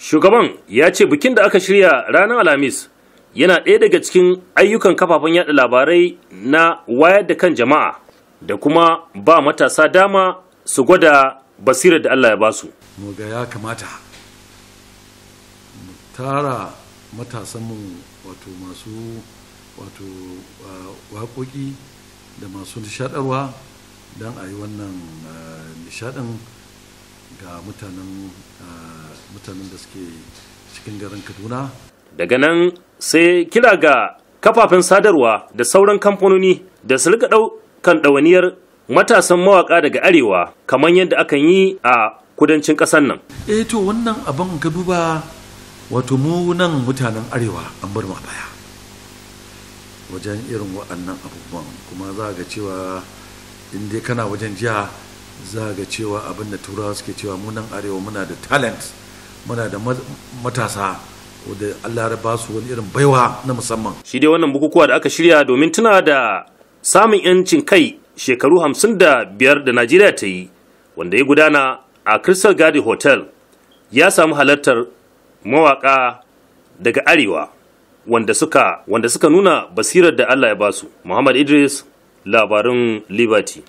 shugaban ya ce bikin da aka shirya ranar alhamis yana ɗaya daga cikin ayyukan kafafen yada labarai na wayar da kan jama'a da kuma ba matasa dama su gwada basirar da allah ya ba su ga ya kamata mu tara matasanmu wato masu wato uh, waƙoƙi da masu nishadarwa don a yi wannan uh, nishadin ga mutanen uh, mutanen da suke cikin garin kaduna daga nan sai kira ga kafafen sadarwa da sauran kamfanoni da su rika ɗaukan ɗawaniyar matasan mawaƙa daga arewa kamar yadda aka yi a kudancin ƙasar nan eh to wannan abin ka duba wato mu nan mutanen arewa an bar baya wajen irin waɗannan abubuwan kuma za ga cewa in dai kana wajen jiya za ga cewa abin da turawa suke cewa mu munan arewa muna da talent muna da matasa da Allah ya ba su wani irin baiwa na musamman shi dai wannan bukukuwa da aka shirya domin tuna da samun yancin kai shekaru hamsin da biyar da Najeriya ta yi wanda ya gudana a Crystal Garden Hotel ya samu halartar mawaƙa daga arewa wanda suka nuna basirar da Allah ya ba su Muhammad Idris labarin Liberty